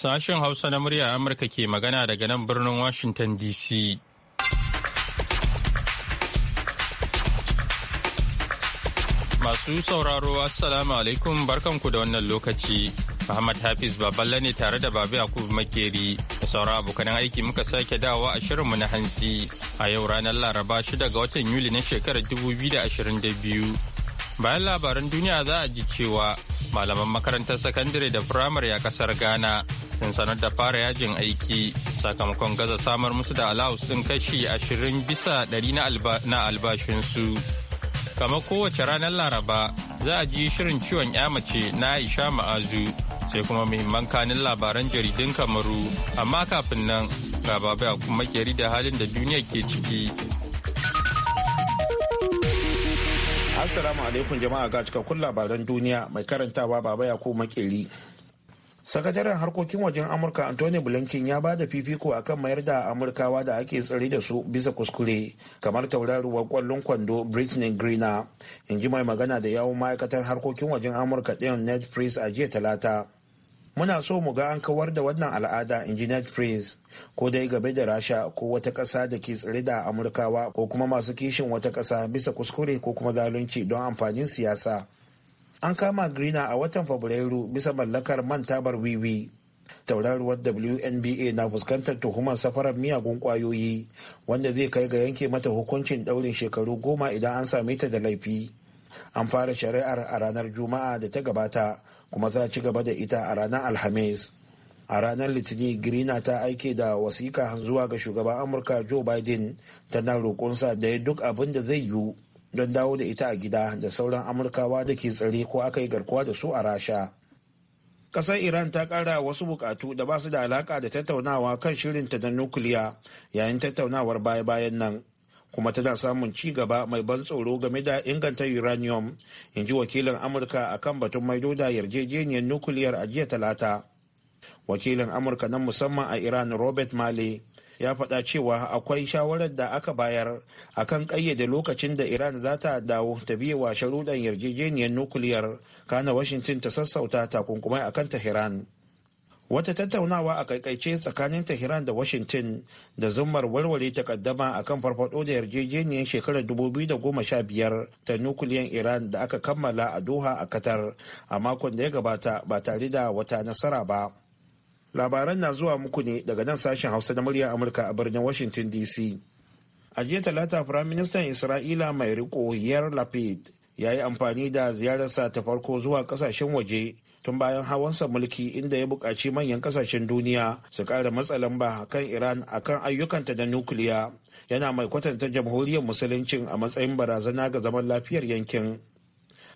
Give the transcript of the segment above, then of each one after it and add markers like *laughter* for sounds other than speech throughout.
Sashen Hausa na murya Amurka ke magana daga nan birnin Washington DC. Masu sauraro Assalamu alaikum barkanku da wannan lokaci. Muhammad Hafiz Baballe ne tare da Babi Yakubu Makeri da saura abokanan aiki muka sake dawowa a shirinmu na hantsi a yau ranar Laraba 6 ga watan Yuli na shekarar 2022. Bayan labaran duniya za a ji cewa malaman makarantar sakandare da firamare a kasar Ghana sun sanar da fara yajin aiki sakamakon gaza samar musu da alawus din kashi ashirin bisa ɗari na albashinsu. Kamar kowace ranar Laraba za a ji shirin ciwon ya mace na Aisha Ma'azu sai kuma muhimman kanin labaran jaridun Kamaru amma kafin nan ga babu kuma gyari da halin da duniya ke ciki. Assalamu alaikum jama'a ga cikakkun labaran duniya mai karantawa baba ya ko makeri. Sakataren harkokin wajen Amurka Anthony Blinken ya ba da fifiko akan mayar da Amurkawa da ake tsare da su bisa kuskure kamar tauraruwar kwallon kwando Britney Greener, in ji mai magana da yawon ma'aikatar harkokin wajen Amurka ɗin Ned Price a jiya talata. muna so mu ga an kawar da wannan al'ada injinet praise ko dai gabe da rasha ko wata ƙasa da ke tsire da amurkawa ko kuma masu kishin wata ƙasa bisa kuskure ko kuma zalunci don amfanin siyasa an kama greener a watan fabrairu bisa mallakar man tabar wiwi tauraruwar WNBA na fuskantar tuhumar safarar miyagun kwayoyi wanda zai kai ga yanke mata hukuncin daurin shekaru goma idan an same ta da laifi. an fara shari'ar a ranar juma'a da ta gabata kuma za ci gaba da ita a ranar alhamis a ranar litini Girina ta aike da wasika zuwa ga shugaban amurka joe biden tana roƙonsa da ya duk abin da zai yiwu don dawo da ita a gida da sauran amurkawa da ke tsare ko aka yi garkuwa da su a rasha ƙasar iran ta ƙara wasu buƙatu da ba su da alaƙa da tattaunawa kan shirinta na nukiliya yayin tattaunawar baya-bayan nan kuma tana samun ci gaba mai ban tsoro game da inganta uranium in ji wakilin amurka a kan batun maido da yarjejeniyar nukiliyar a jiya talata wakilin amurka na musamman a iran robert male ya faɗa cewa akwai shawarar da aka bayar a kan ƙayyade lokacin da iran za ta dawo ta biye wa sharuɗan yarjejeniyar nukiliyar kana washington ta sassauta takunkumai akan tehran wata tattaunawa a kaikaice tsakanin tehran da washington da zummar warware takaddama kan farfado da yarjejeniyar shekarar 2015 ta nukuliyan iran da aka kammala a doha a qatar a makon da ya gabata ba tare da wata nasara ba labaran na zuwa muku ne daga nan sashen hausa na muryar amurka a birnin washington dc a jiya talata firaministan isra'ila mai riko yar lapid ya yi amfani da ziyararsa ta farko zuwa kasashen waje tun bayan hawansa mulki inda ya buƙaci manyan kasashen duniya su ƙara matsa lamba kan iran akan ayyukanta na nukiliya yana mai kwatanta jamhuriyar musuluncin a matsayin barazana ga zaman lafiyar yankin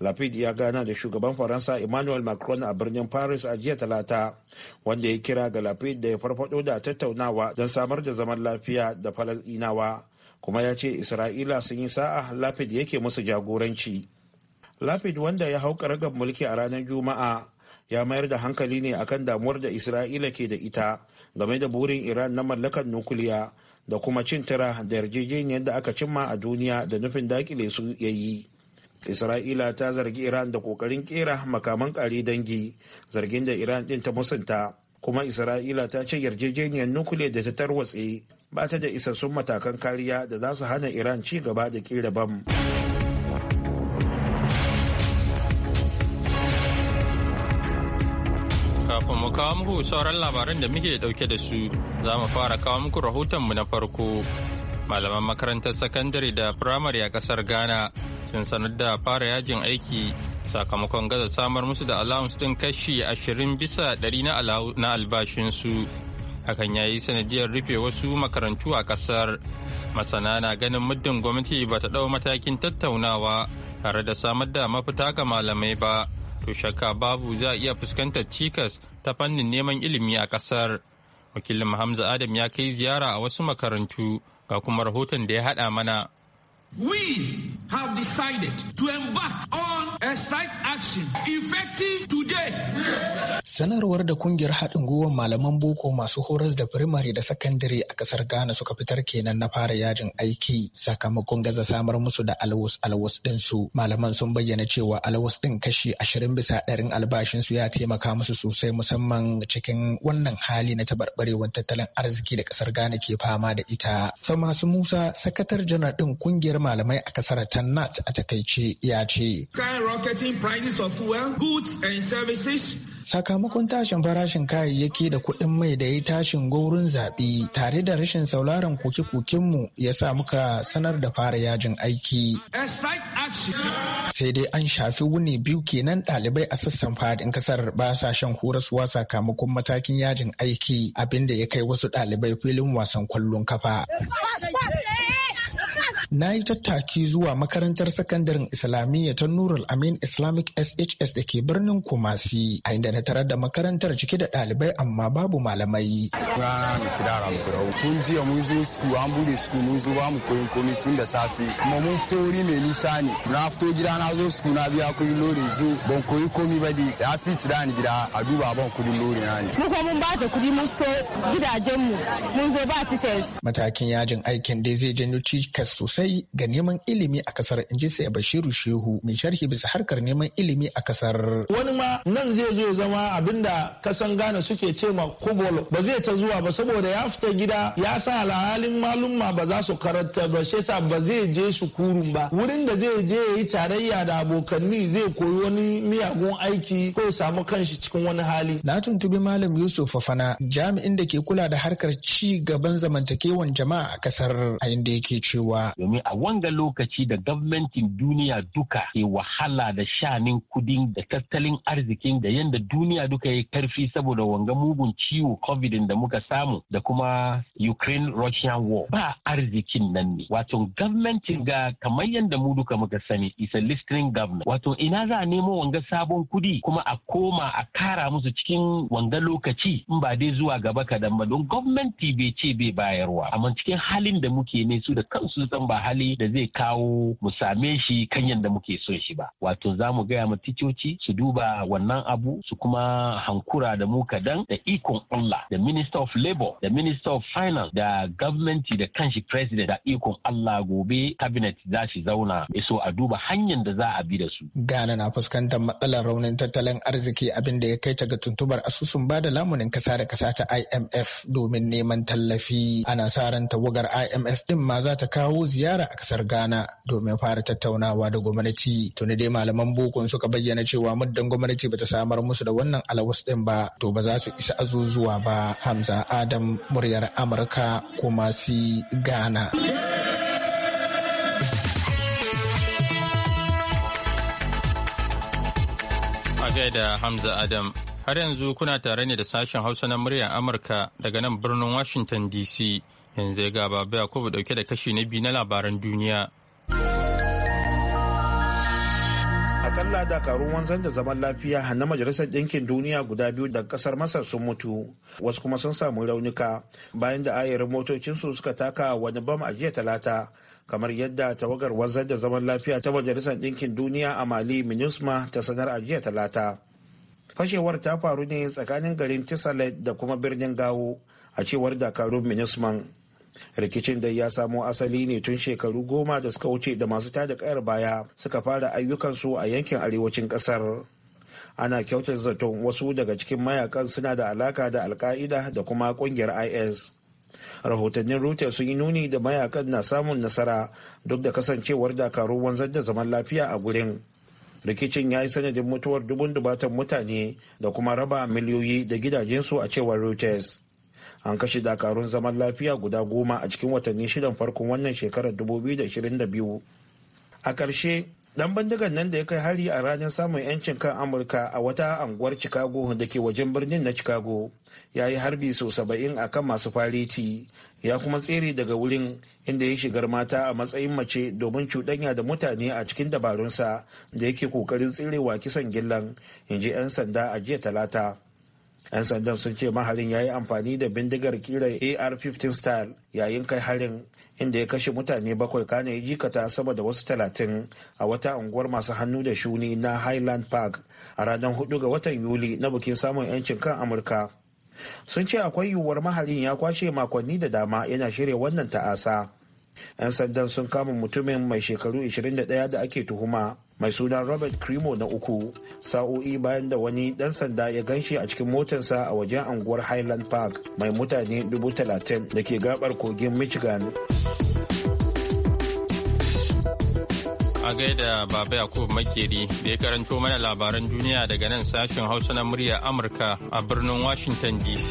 Lapid ya gana da shugaban Faransa Emmanuel Macron a birnin Paris a jiya Talata, wanda ya kira ga Lapid da ya farfado da tattaunawa don samar da zaman lafiya da Falasɗinawa, kuma ya ce Isra'ila sun yi sa'a Lapid yake musu jagoranci. Lapid wanda ya hau karagar mulki a ranar Juma'a ya mayar da hankali ne akan damuwar da isra'ila ke da ita game da burin iran na mallakar nukuliya da kuma cin tira da yarjejeniyar da aka cimma a duniya da nufin dakile su ya yi isra'ila ta zargi iran da kokarin kera makaman kare dangi zargin da iran din ta musanta kuma isra'ila ta ce yarjejeniyar nukuliya da ta tarwatse ba ta da isassun matakan kariya da za su hana iran ci gaba da kera bam. Kafin mu kawo muku sauran labaran da muke dauke da su, za mu fara kawo muku rahotonmu na farko. Malaman makarantar sakandare da firamare a kasar Ghana sun sanar da fara yajin aiki sakamakon gaza samar musu da allowance din kashi ashirin bisa ɗari na albashinsu. Hakan ya yi sanadiyar rufe wasu makarantu a kasar. Masana na ganin muddin gwamnati ba ta ɗau matakin tattaunawa tare da samar da mafita ga malamai ba. to shakka babu za a iya fuskantar cikas ta fannin neman ilimi a kasar Wakilin Hamza Adam ya kai ziyara a wasu makarantu ga kuma rahoton da ya haɗa mana. We have decided to embark on a strike action effective today. Sanarwar da kungiyar haɗin gwiwar malaman boko masu horas da firimare da sakandare a ƙasar Ghana suka fitar kenan na fara yajin aiki sakamakon gaza samar musu da alwas alwas ɗinsu. Malaman sun bayyana cewa alwas ɗin kashi ashirin bisa ɗarin albashinsu ya taimaka musu sosai musamman cikin wannan hali na tabarbarewar tattalin arziki da ƙasar Ghana ke fama da ita. Samasu Musa, sakatar janar ɗin kungiyar malamai a ƙasar Tannat a takaice ya ce. sakamakon tashin farashin kayayyaki da kuɗin mai da ya tashin gaurin zaɓi tare da rashin sauraron koke-kokenmu ya sa muka sanar da fara yajin aiki. Sai dai an shafi wuni biyu kenan ɗalibai a sassan fadin kasar ba sa shan horaswa sakamakon matakin yajin aiki abinda ya kai wasu ɗalibai filin wasan kwallon kafa. na yi tattaki zuwa makarantar sakandaren islamiyya ta nurul amin islamic shs da ke birnin kumasi a inda na tarar da makarantar cike da ɗalibai amma babu malamai tun jiya mun zo sku an bude sku mun zo ba mu koyin komi tun da safe kuma mun fito wuri mai nisa ne na fito gida na zo sku na biya kuɗin lori zo ban koyi komi ba dai ya fi tira ni gida a duba ban kuɗin lori na ne. mun kuma mun ba ta kuɗi mun fito gidajenmu mun zo ba teachers. matakin yajin aikin dai zai janyo cikas sosai sosai ga neman ilimi a kasar in ji sai bashiru shehu mai sharhi bisa harkar neman ilimi a kasar wani ma nan zai zo zama abinda kasan gane suke ce ma kobolo ba zai ta zuwa ba saboda ya fita gida ya sa alhalin malumma ba za su karanta ba shi yasa ba zai je shi kurun ba wurin da zai je yi tarayya da abokanni zai koyi wani miyagun aiki ko ya samu kanshi cikin wani hali na tuntubi malam yusuf fafana jami'in da ke kula da harkar ci gaban zamantakewan jama'a a kasar a inda yake cewa domin a wanga lokaci da gwamnatin duniya duka ke wahala da shanin kudin da tattalin arzikin da yadda duniya duka ya karfi saboda wanga mugun ciwo covid da muka samu da kuma ukraine russian war ba arzikin nan ne wato gwamnatin ga kamar yadda mu duka muka sani is a listening government wato ina za a nemo wanga sabon kudi kuma a koma a kara musu cikin wanga lokaci in ba dai zuwa gaba kadan ba don gwamnati bai ce bai bayarwa amma cikin halin da muke ne su da kansu san ba ba hali da zai kawo mu same shi kan yadda muke son shi ba wato za mu gaya ma ticoci su duba wannan abu su kuma hankura da mu kadan da ikon Allah da minister of labor da minister of finance da government da kanshi president da ikon Allah gobe cabinet za shi zauna iso a duba hanyar da za a bi da su gana na fuskantar matsalar raunin tattalin arziki abin da ya kai ta ga tuntubar asusun ba da lamunin kasa da kasa ta IMF domin neman tallafi ana sa ran tawagar IMF din ma za ta kawo ziyara ziyara a kasar Ghana domin fara tattaunawa da gwamnati. Tuni dai malaman bukun suka bayyana cewa muddin gwamnati bata samar musu da wannan alawus din ba to ba za su isa azuzuwa ba. Hamza Adam muryar Amurka kuma si Ghana. A da Hamza Adam har yanzu kuna tare ne da sashen Hausa na muryar Amurka daga nan birnin Washington DC. yanzu ya gaba baya kuma dauke da kashi na biyu na labaran duniya akalla dakarun wanzan da zaman lafiya na majalisar ɗinkin duniya guda biyu da ƙasar masar sun mutu wasu kuma sun samu raunuka bayan da ayarin motocinsu suka taka wani bam a jiya talata kamar yadda tawagar wanzan da zaman lafiya ta majalisar ɗinkin duniya a mali minusma ta sanar a jiya talata fashewar ta faru ne tsakanin garin tisalet da kuma birnin gawo a cewar dakarun minusman rikicin dai ya samo asali ne tun shekaru goma da suka wuce da masu tada kayar baya suka fara ayyukansu a yankin arewacin kasar ana kyautar zaton wasu daga cikin mayakan suna da alaka da alka'ida da kuma kungiyar is rahotannin reuters sun yi nuni da mayakan na samun nasara duk da kasancewar dakarun wanzar da zaman lafiya a gurin rikicin ya yi sanadin mutuwar dubun dubatan mutane da kuma raba miliyoyi da gidajensu a cewar reuters an kashe dakarun zaman lafiya guda goma a cikin watanni shidan farkon wannan shekarar 2022 a ƙarshe dan bindigar nan da ya kai hari a ranar samun yancin kan amurka a wata anguwar chicago da ke wajen birnin na chicago ya yi harbi sau saba'in a kan masu fariti ya kuma tsere daga wurin inda ya shigar mata a matsayin mace domin cuɗanya da mutane a cikin dabarunsa da yake kokarin tserewa kisan gillan in ji 'yan sanda a jiya talata 'yan sandan sun ce maharin ya yi amfani da bindigar kira ar-15 style yayin kai harin inda ya kashe mutane bakwai kane ya jikata sama da wasu talatin a wata unguwar masu hannu da shuni na highland park a ranar 4 ga watan yuli na bikin samun 'yancin kan amurka sun ce akwai yiwuwar maharin ya kwashe makonni da dama yana shirya wannan ta'asa 'yan sandan sun kama mutumin mai shekaru 21 da ake tuhuma mai suna robert crimo na uku sa'o'i bayan da wani dan sanda ya ganshi a cikin motarsa a wajen anguwar highland park mai mutane 30,000 da ke gabar kogin michigan a gaida baba yakubu makeri da ya karanto mana labaran duniya daga nan sashen hausa na murya amurka a birnin washington dc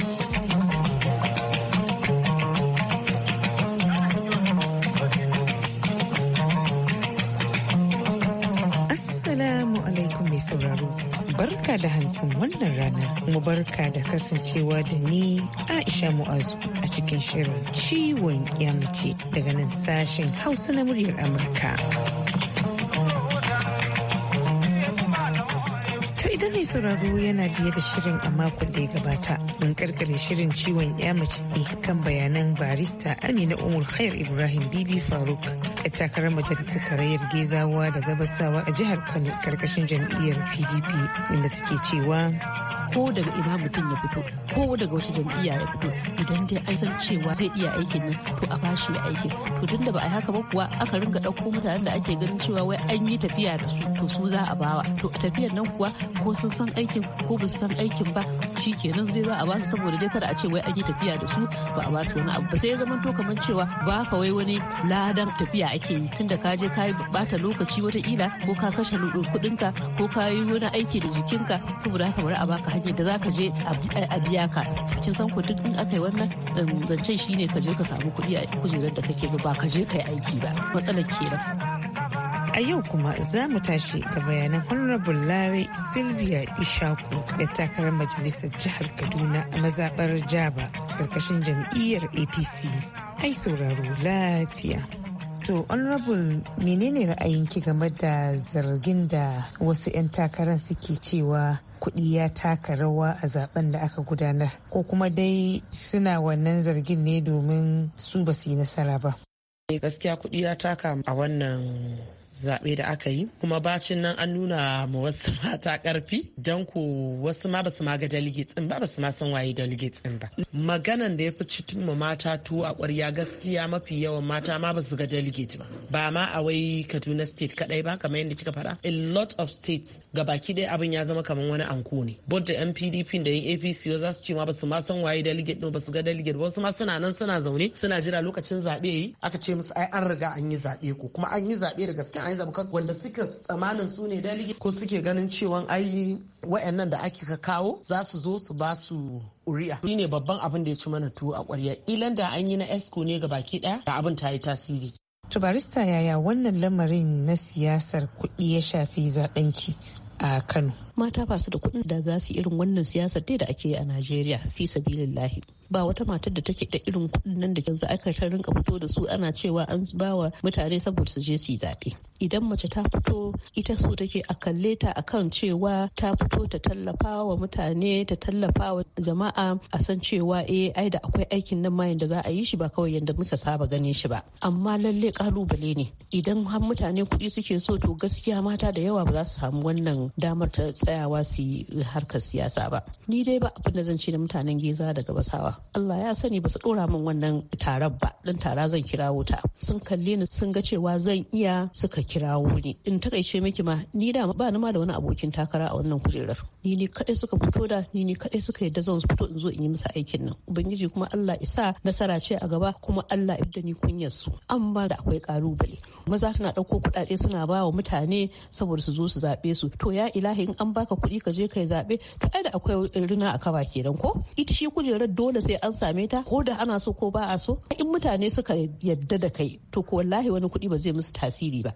Assalamu alaikum mai sauraro. Barka da hantin wannan rana, mu barka da kasancewa da ni Aisha Mu'azu a cikin shirin ciwon yamce daga nan sashen Hausa na muryar Amurka. sauraro yana biye da shirin a makon da ya gabata mun karkare shirin ciwon ya mace ne kan bayanan barista amina umar khair ibrahim bibi faruk a takarar majalisar tarayyar gezawa da gabasawa a jihar kano karkashin jam'iyyar pdp inda take cewa ko daga ina mutum ya fito ko daga wata jam'iyya ya fito idan dai an san cewa zai iya aikin nan to a bashi ya aikin to tun da ba a yi haka ba kuwa aka ringa ɗauko mutanen da ake ganin cewa wai an yi tafiya da su to su za a bawa to tafiyar nan kuwa ko sun san aikin ko ba su san aikin ba shi kenan zai za a basu saboda dai kada a ce wai an yi tafiya da su ba a basu wani abu ba sai ya zama to kamar cewa ba ka wai wani ladan tafiya ake yi tunda ka je ka bata lokaci wataƙila ko ka kashe kuɗinka ko ka yi wani aiki da jikinka saboda haka bari a baka ne da za ka je a biya ka kin san ku duk in aka yi wannan um, zancen shi ne ka je ka samu kuɗi a kujerar da kake ba ka je ka yi aiki ba matsalar ke da. A yau kuma za mu tashi da bayanan Honorable Larry Sylvia Ishaku da takarar Majalisar Jihar Kaduna a mazaɓar Jaba karkashin jam'iyyar APC. Ai sauraro lafiya. To Honorable menene ra'ayinki game da zargin da wasu 'yan takarar suke cewa kuɗi ya taka rawa a zaben da aka gudanar ko kuma dai suna wannan zargin ne domin su ba su yi nasara ba eh, gaskiya kuɗi ya taka a wannan zaɓe da aka yi kuma bacin nan an nuna ma wasu *laughs* mata ƙarfi don ku wasu ma basu ma ga delegates ba basu ma san waye delegates ɗin ba maganan da ya fi tun ma mata tuwo a ƙwarya gaskiya mafi yawan mata ma basu ga delegate ba ba ma a wai Kaduna state kaɗai ba kamar yadda kika faɗa a lot of states ga baki ɗaya abin ya zama kamar wani anko ne bot da NPDP da yan APC za su ce ma basu ma san waye delegate ɗin basu ga delegate ba wasu ma suna nan suna zaune suna jira lokacin zaɓe yi aka ce musu ai an riga an yi zaɓe ko kuma an yi zaɓe da gaskiya aiza aizabuka wanda suka tsamanin su ne dalige ko suke ganin cewa ai wa'annan da ake ka kawo za su zo su ba su uriya ne babban abin da ya ci mana tuwo a ƙwarya ilan da an yi na esco ne ga baki ɗaya da abin ta yi tasiri to barista yaya wannan lamarin na siyasar kuɗi ya shafi zaɓenki a kano mata ba su da kuɗin da za su irin wannan siyasar dai da ake yi a najeriya fi sabilillahi ba wata matar da take da irin kuɗin nan da yanzu aka ta rinka fito da su ana cewa an bawa mutane saboda su je su zaɓe idan mace ta fito ita so take a kalle ta akan cewa ta fito ta tallafa wa mutane ta tallafa wa jama'a a san cewa eh ai da akwai aikin nan ma yanda za a yi shi ba kawai yanda muka saba ganin shi ba amma lalle kalubale ne idan har mutane kuɗi suke so to gaskiya mata da yawa ba za su samu wannan damar ta tsayawa su yi harkar siyasa ba ni dai ba abin da zan ce da mutanen geza daga basawa Allah ya sani ba su dora min wannan tarar ba dan tara zan kira ta sun kalle ni sun ga cewa zan iya suka kirawo ni in takaice miki ma ni da ba ni ma da wani abokin takara a wannan kujerar ni ne kadai suka fito da ni ne kadai suka yadda zan fito in zo in yi musu aikin nan ubangiji kuma Allah isa nasara ce a gaba kuma Allah ya ni kunyar su amma da akwai ƙalubale. maza suna ɗauko kuɗaɗe suna ba wa mutane saboda su zo su zaɓe su to ya ilahi in an baka kuɗi ka je kai zaɓe to ai da akwai rina a kaba kenan ko ita shi kujerar dole sai an same ta ko da ana so ko ba a so in mutane suka yadda da kai to ko wallahi wani kuɗi ba zai musu tasiri ba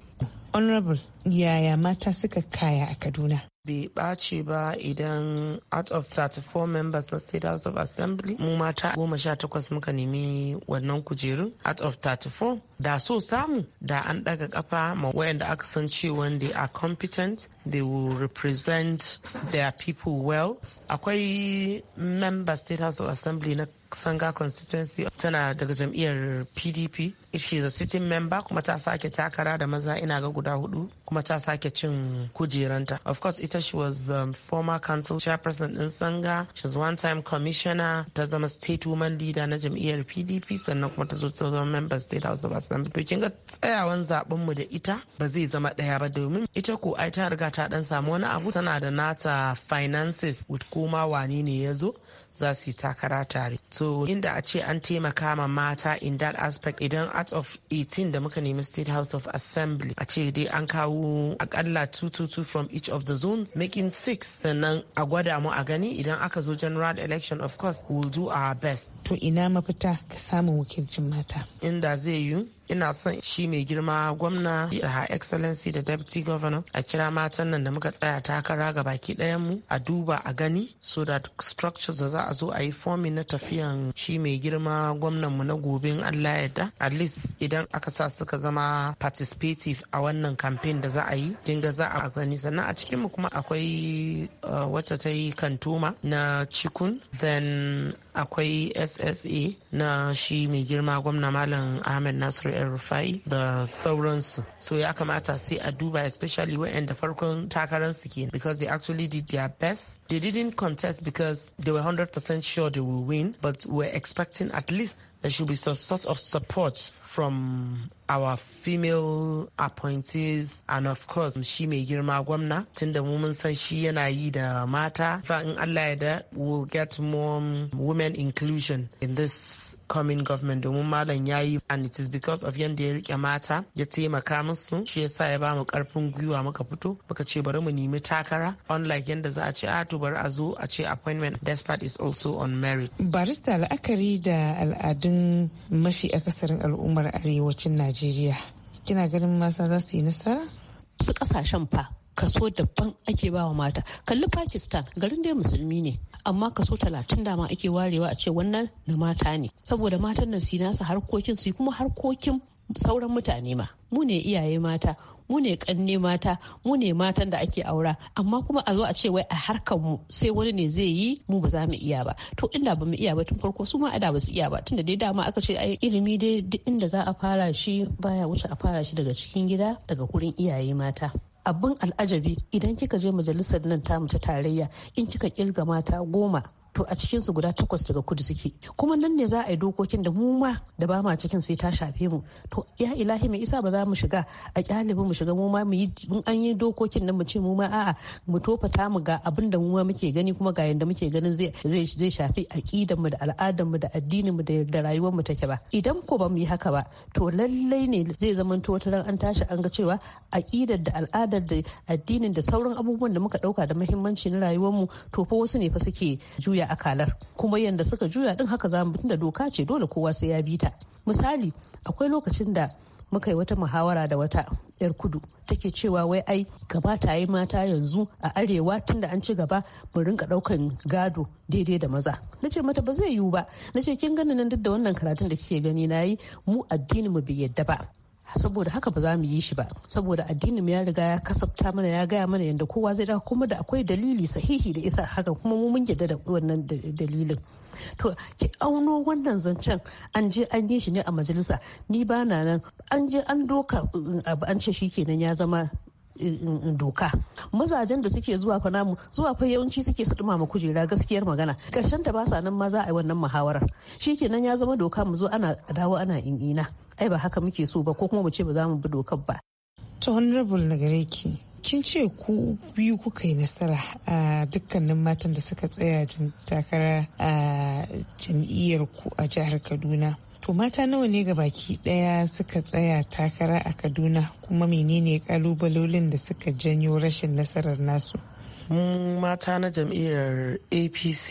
honorable yaya mata suka kaya a kaduna bai ɓace ba idan out of 34 members na state house of assembly mu mata goma sha takwas muka nemi wannan kujerun out of 34 da so samu da an ɗaga ƙafa ma wayanda aka san cewa they are competent they will represent their people well akwai member state house of assembly na Sanga constituency tana daga jam'iyyar PDP. She is a sitting member kuma ta sake takara da maza ina ga guda hudu kuma ta sake cin kujeranta. Of course ita she was um, former council chairperson din Sanga. She was one time commissioner ta zama state woman leader na jam'iyyar PDP sannan kuma ta zo zama member state house of assembly. To kin tsayawan zaben mu da ita ba zai zama daya ba domin ita ko ai ta riga ta dan samu wani abu tana da nata finances with koma wane ne ya zo za su yi takara tare so inda a ce an taimaka ma mata in that aspect idan out of 18 da muka nemi state house of assembly a ce dai an kawo akalla 222 from each of the zones making six sannan a gwada mu a gani idan aka zo general election of course we'll do our best to ina mafita ka samun wakilcin mata inda zai yi ina son shi mai girma gwamna ha excellency da deputy governor a kira matan nan da muka tsaya takara ga baki ɗayan mu a duba a gani so that structures da za a zo a yi forming na tafiyan shi mai girma gwamnan mu na gobe in Allah yarda at least idan aka sa suka zama participative a wannan campaign da za a yi dinga za a gani sannan a cikin mu kuma akwai uh, wacce ta yi kantoma na cikun then akwai ssa na shi mai girma gwamna malam ahmed nasiru el rufai da sauransu so ya kamata sai a duba especially the farkon takarar su ke because they actually did their best they didn't contest because they were 100% sure they will win but we're expecting at least there should be some sort of support from our female appointees and of course she may girma gwamna woman. mu mun san shi yana yi da mata in Allah ya da will get more women inclusion in this coming government domin malam ya yi and it is because of yadda ya rike mata ya taimaka musu shi ya sa ya ba mu karfin gwiwa muka fito muka ce bari mu nemi takara unlike yadda za a ce a ah, to bari a zo a ce appointment despite is also on merit barista la'akari da al'adun mafi akasarin al'ummar arewacin najeriya kina ganin masa za su yi nasara su kasashen fa kaso daban ake bawa mata kalli pakistan garin dai musulmi ne amma kaso talatin da ma ake warewa a ce wannan na mata ne saboda matan nan su nasa harkokin su kuma harkokin sauran mutane ma mu ne iyaye mata mu ne kanne mata mu ne matan da ake aura amma kuma a zo a ce wai a harkar mu sai wani ne zai yi mu ba za mu iya ba to inda ba mu iya ba tun farko su ma da ba su iya ba tunda dai dama aka ce ai ilimi dai duk inda za a fara shi baya wuce a fara shi daga cikin gida daga kurin iyaye mata abin al'ajabi idan kika je majalisar nan tamu ta tarayya in kika kirga mata goma to a cikin su guda takwas daga kudu suke kuma nan ne za a yi dokokin da mu ma da ba ma cikin sai ta shafe mu to ya ilahi mai isa ba za mu shiga a kyalibi mu shiga mu ma mu yi an yi dokokin nan mu ce mu ma a'a mu tofata mu ga abin da mu ma muke gani kuma ga yanda muke ganin zai zai zai shafi aqidar mu da al'adar mu da addinin mu da rayuwar mu take ba idan ko ba mu yi haka ba to lallai ne zai zamanto wata ran an tashi an ga cewa aqidar da al'adar da addinin da sauran abubuwan da muka dauka da muhimmanci na rayuwar mu to fa wasu ne fa suke juya akalar kuma yadda suka juya din haka za mu da doka ce dole kowa sai ya bi ta misali akwai lokacin da muka yi wata muhawara da wata yar kudu take cewa wai ai ta yi mata yanzu a arewa tunda an ci gaba mu rinka daukan gado daidai da maza na ce mata ba zai yiwu ba na ce kin gani nan duk da wannan karatun da kike gani na yi mu addini mu bai yadda ba saboda haka ba za mu yi shi ba saboda addinin mu ya riga ya kasafta mana ya gaya mana yadda kowa zai da kuma da akwai dalili sahihi da isa haka kuma mun yarda da wannan dalilin to ki auno wannan zancen an je an yi shi ne a majalisa ni ba na nan an je an doka an ce shi kenan ya zama doka mazajen da suke zuwa fa namu zuwa fa yawanci suke su dumama kujera gaskiyar magana karshen ta ba sa nan ma za a yi wannan muhawarar shi shikenan ya zama doka mu zo ana dawo ana in'ina ai ba haka muke so ba ko kuma mu ce ba za mu bi dokar ba to honorable na gare ki kin ce ku biyu kuka yi nasara a dukkanin matan da suka tsaya takara a jam'iyyar ku a jihar kaduna To mata nawa ne ga baki daya suka tsaya takara a Kaduna kuma menene kalubalolin da suka janyo rashin nasarar nasu? mu mata na jam'iyyar apc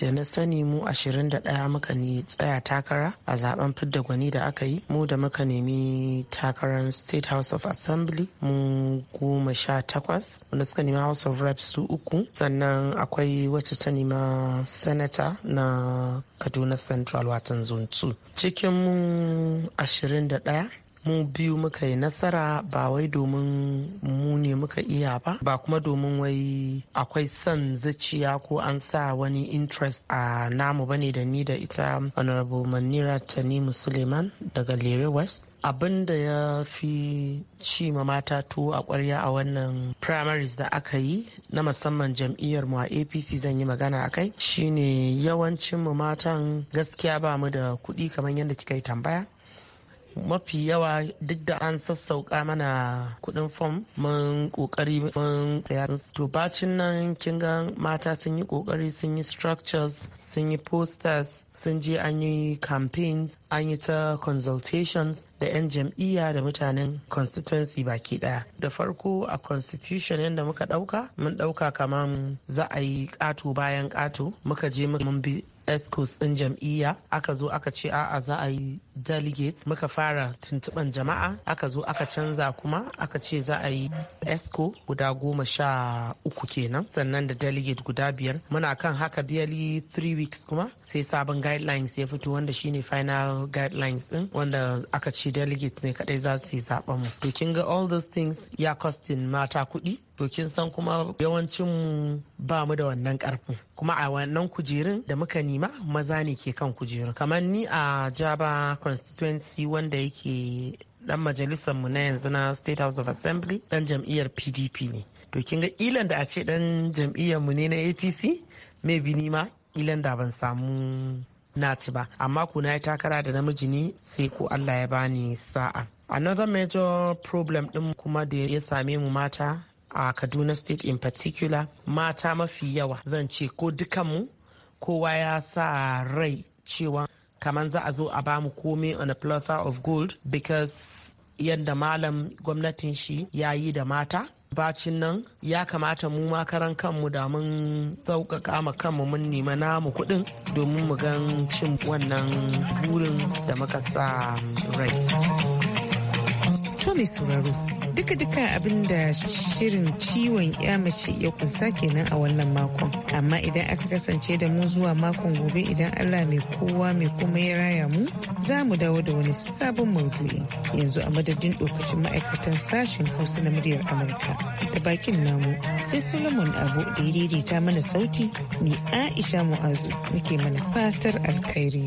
da na sani mu 21 muka ne tsaya takara a zaben fidda gwani da aka yi mu da muka nemi takarar state house of assembly mu goma sha takwas wanda suka nema house of reps su uku sannan akwai wacce ta nema senator na kaduna central watan zone 2 cikin mu 21 mu biyu muka yi nasara ba wai domin mu ne muka iya ba ba kuma domin wai akwai son zuciya ko an sa wani interest a namu ba ne da ni da ita honorable manira tanimu suleiman daga lere west abin da ya fi ci ma mata tuwo a kwarya a wannan primaries da aka yi na musamman jam'iyyar mu a apc zan yi magana a kai shine yawancin mu matan gaskiya ba mu da kuɗi kamar yadda kika yi tambaya mafi yawa duk da an sassauka mana kudin fom mun kokari mun to bacin nan kin ga mata sun yi kokari sun yi structures sun yi posters sun je an yi campaigns an yi ta consultations da 'yan jam'iyya da mutanen constituency baki daya da farko a constitution yadda muka dauka mun dauka kamar za a yi kato bayan kato muka je mun bi escorts ɗin jam'iyya aka zo aka ce a'a za a yi delegates muka fara tuntuɓar jama'a aka zo aka canza kuma aka ce za a yi esco guda goma sha uku kenan sannan da delegate guda biyar muna kan haka barely three weeks kuma sai sabon guidelines ya fito wanda shine final guidelines din wanda aka ce delegates ne kadai za su yi zaɓen mu to kin ga all those things ya costing mata kuɗi to kin san kuma yawancin ba mu da wannan karfin kuma a wannan kujerun da muka nima maza ne ke kan kujerun kamar ni a jaba constituency wanda yake dan majalisar mu na yanzu na state house of assembly dan jam'iyyar pdp ne to kin ga ilan da a ce dan jam'iyyar mu ne na apc maybe ni ma ilan da ban samu na ba amma kuna ya takara da namiji ne sai ko allah ya bani sa'a another major problem din kuma da ya same mu mata a kaduna state in particular mata mafi yawa zan ce ko dukanmu kowa ya sa rai cewa kamar za a zo a bamu komai on a plethora of gold because yadda malam gwamnatin shi ya yi da mata bacin nan ya kamata mu makaran kanmu da mun sauƙaƙa ma kanmu mun nema namu kuɗin domin mu gan cin wannan burin da muka sa rai. Tumi duka-duka abin da shirin ciwon ya mace ya kunsa kenan a wannan makon amma idan aka kasance da mu zuwa makon gobe idan allah mai kowa mai kuma ya raya mu za mu dawo da wani sabon maudu'i yanzu a madadin dokacin ma'aikatan sashen hausa na muryar amurka ta bakin namu sai solomon abu da ya daidaita mana sauti ni aisha mu'azu nake mana fatar alkhairi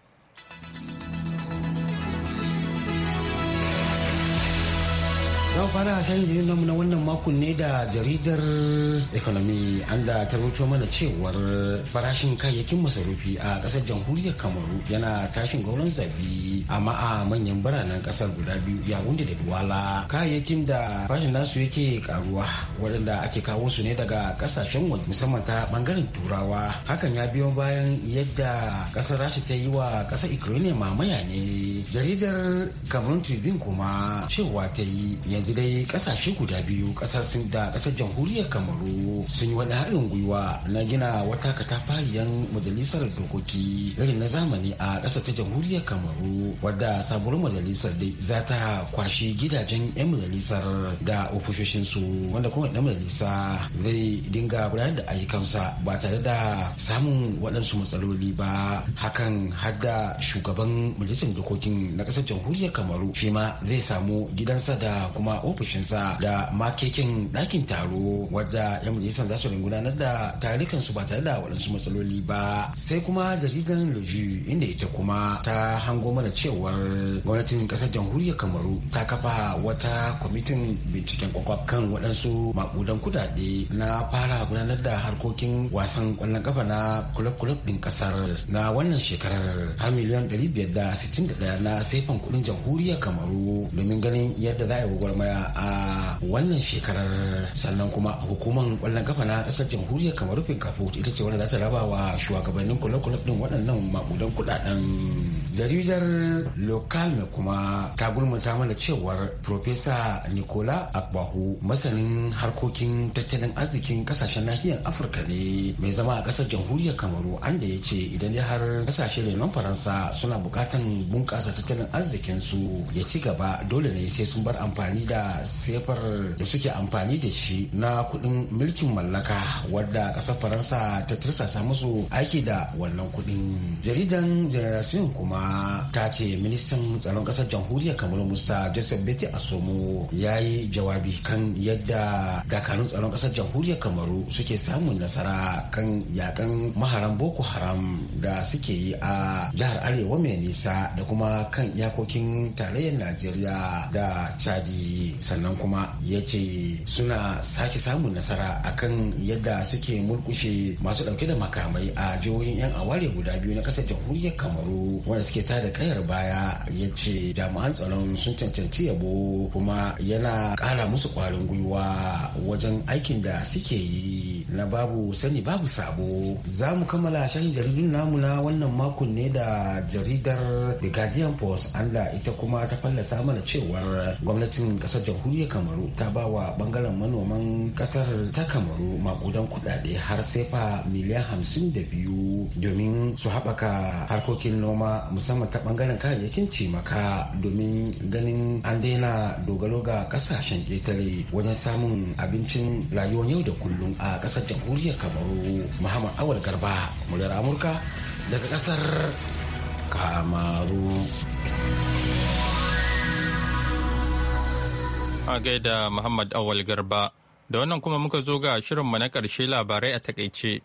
Zan fara a jirgin namu na wannan makon ne da jaridar ekonomi an da ta rubuto mana cewar farashin kayayyakin masarufi a kasar jamhuriyar kamaru yana tashin gauran zabi amma a manyan biranen kasar guda biyu ya wunde da duwala kayayyakin da farashin nasu yake karuwa waɗanda ake kawo su ne daga kasashen waje musamman ta bangaren turawa hakan ya biyo bayan yadda kasar rasha ta yi wa kasar ukraine mamaya ne jaridar kamarun tribune kuma cewa ta yi yanzu yanzu dai kasashe guda biyu kasar sin da kasar jamhuriyar kamaru sun yi wani haɗin gwiwa na gina wata katafariyar majalisar dokoki irin na zamani a kasar ta jamhuriyar kamaru wadda sabuwar majalisar dai za ta kwashe gidajen 'yan majalisar da ofishoshinsu wanda kuma yan majalisa zai dinga gudanar da ayyukansa ba tare da samun waɗansu matsaloli ba hakan har da shugaban majalisar dokokin na ƙasar jamhuriyar kamaru shi ma zai samu gidansa da kuma kuma ofishinsa da makekin ɗakin taro wadda yan majalisar za su gudanar da tarukan su ba tare da waɗansu matsaloli ba sai kuma jaridan loji inda ita kuma ta hango mana cewar gwamnatin ƙasar jamhuriyar kamaru ta kafa wata kwamitin binciken kwakwaf kan waɗansu maƙudan kudade na fara gudanar da harkokin wasan ƙwallon kafa na kulab-kulab ɗin ƙasar na wannan shekarar har miliyan ɗaya na saifan kuɗin jamhuriyar kamaru domin ganin yadda za a yi gwagwarmaya a wannan shekarar sannan kuma hukumar kwallon kafa na kasar jamhuriyar kamar rufin kafu ita ce wanda za ta raba wa shugabannin kula-kula din waɗannan maƙudan kuɗaɗen jaridar local da kuma ta gulmata mana cewar profesa nicola akbahu masanin harkokin tattalin arzikin kasashen nahiyar afirka ne mai zama a kasar jamhuriyar kamaru an da ya ce idan ya har kasashe renon faransa suna bukatan bunkasa tattalin arzikin su ya ci gaba dole ne sai sun bar amfani da sefar da suke amfani da shi na kudin mulkin mallaka wadda kasar faransa ta tirsasa musu aiki da wannan kudin jaridan generation kuma kuma ta ce ministan tsaron kasar jamhuriyar kamar musa joseph beti asomo ya yi jawabi kan yadda dakarun tsaron kasar jamhuriyar kamaru suke samun nasara kan yakan maharan boko haram da suke yi a jihar arewa mai nisa da kuma kan iyakokin tarayyar najeriya da chadi sannan kuma ya ce suna sake samun nasara akan yadda suke mulkushe masu dauke da makamai a jihohin yan aware guda biyu na kasar jamhuriyar kamaru wanda suke da kayar baya ya ce jami'an tsaron sun cancanci yabo kuma yana kara musu ƙwarin gwiwa wajen aikin da suke yi na babu sani babu sabo za mu kammala shan jaridun namu na wannan makon ne da jaridar the guardian post an da ita kuma ta fallasa mana cewar gwamnatin kasar jamhuriyar kamaru ta ba wa bangaren manoman kasar ta kamaru makudan kudade har sai fa miliyan hamsin da biyu domin su haɓaka harkokin noma musamman ta bangaren kayayyakin cimaka domin ganin an daina dogaro ga kasashen ƙetare wajen samun abincin rayuwar yau da kullum a ƙasar ƙasar jamhuriyar kamaru muhammad awal garba muryar amurka daga ƙasar kamaru a gaida muhammad awal garba da wannan kuma muka zo ga shirinmu na ƙarshe labarai a takaice.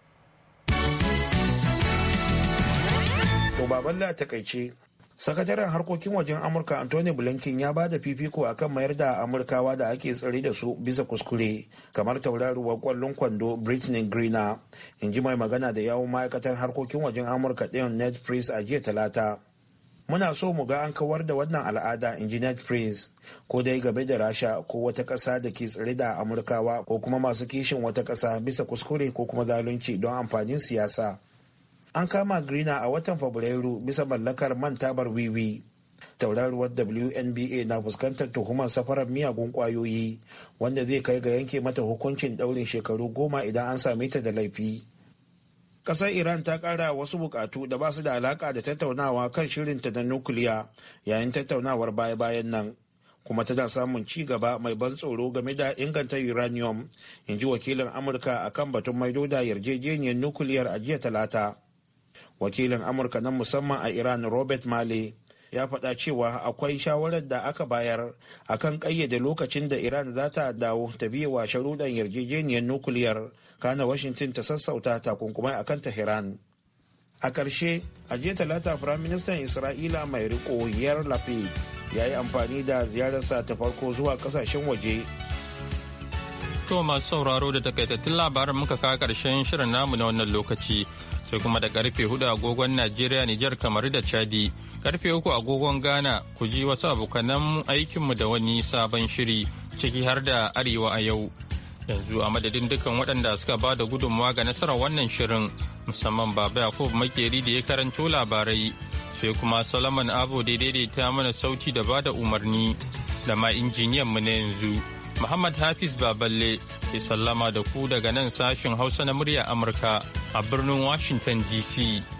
baballe a takaice sakataren harkokin wajen amurka anthony blinken ya ba da fifiko kan mayar da amurkawa da ake tsare da su bisa kuskure kamar tauraruwar kwallon kwando britney greener in ji mai magana da yawon ma'aikatar harkokin wajen amurka ɗin ned priest a jiya talata muna so mu ga an kawar da wannan al'ada in ji ned priest ko dai game da rasha ko wata ƙasa da ke tsare da amurkawa ko kuma masu kishin wata ƙasa bisa kuskure ko kuma zalunci don amfanin siyasa an kama grina a watan fabrairu bisa mallakar man tabar wiwi tauraruwar WNBA na fuskantar tuhumar safarar miyagun kwayoyi wanda zai kai ga yanke mata hukuncin daurin shekaru goma idan an same ta da laifi. Kasar Iran ta kara wasu bukatu da ba su da alaƙa da tattaunawa kan shirinta na nukiliya yayin tattaunawar baya-bayan nan. kuma tana samun ci gaba mai ban tsoro game da inganta uranium in ji wakilin amurka a kan batun maido da yarjejeniyar nukiliyar a jiya talata wakilin amurka na musamman a iran robert Mali ya faɗa cewa akwai shawarar da aka bayar akan ƙayyade lokacin da iran za ta dawo ta biye wa sharuɗan yarjejeniyar nukuliyar kana washington ta sassauta takunkumai akan tehran a ƙarshe a jiya talata firaministan isra'ila mai riko yar lapid ya yi amfani da ziyararsa ta farko zuwa ƙasashen waje To masu sauraro da takaitattun labarin muka kawo ƙarshen shirin namu na wannan lokaci sai kuma da karfe hudu agogon Najeriya, Nijar, kamar da Chadi. Karfe uku agogon Ghana ku ji wasu abokanan aikinmu da wani sabon shiri ciki har da Arewa a yau. Yanzu a madadin dukkan waɗanda suka ba da gudunmawa ga nasarar wannan shirin musamman Baba Yakub Makeri da ya karanto labarai sai kuma Solomon abu da daidaita mana sauti da ba da umarni da ma injiniyan mu na yanzu. Muhammad Hafiz Baballe ke sallama da ku daga nan sashin Hausa na murya Amurka a birnin Washington DC.